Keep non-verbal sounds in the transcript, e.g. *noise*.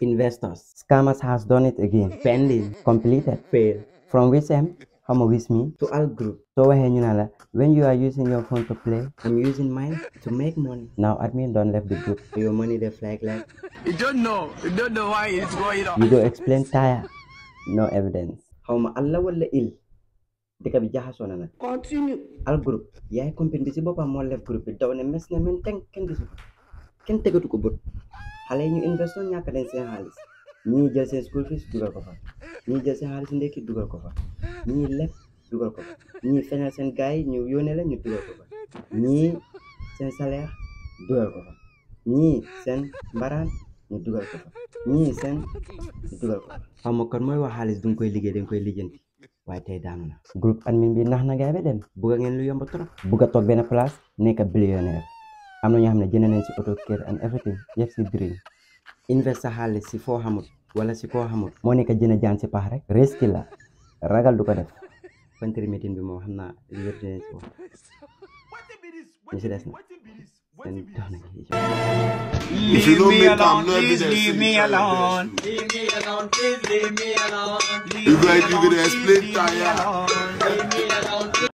investors. Scammers has done it again. *laughs* Pending, completed, fail. From WSM, come with me to all group. So when you are using your phone to play, I'm using mine to make money. Now admin don't left the group. Your money they flag like. You don't know. You don't know why it's going on. You go explain tire. No evidence. How ma Allah will ill. dëkk bi jaxasoo na nag continue al groupe yaay compine bi si boppam moo lef groupe bi daw ne mes ne men teng kenn gisu ko kenn tegatu ko bët xale yi ñu investoon ñàkk leen seen xaalis ñii jël school fees dugal ko fa jasa jël seen xaalis ndekki dugal ko fa ñii leb dugal ko fa ni sen seen ñu yónnee la ñu dugal ko Ni sen salaire dugal ko fa sen seen mbaraan ñu dugal ko fa ñii seen dugal ko fa xaw ma kon wax xaalis koy na groupe admin bi nax na gaay dem bugga ngeen lu yomb trop bugga tok benn place nek billionaire am na ñoo xam ne jënd nañ si auto kër and everything yëpp si dream invest sa xaalis si foo xamut wala si koo xamut moo nekk jënd jaan si pax rek risque la ragal du ko def country meeting bi moom xam naa li yëpp dinañ si des na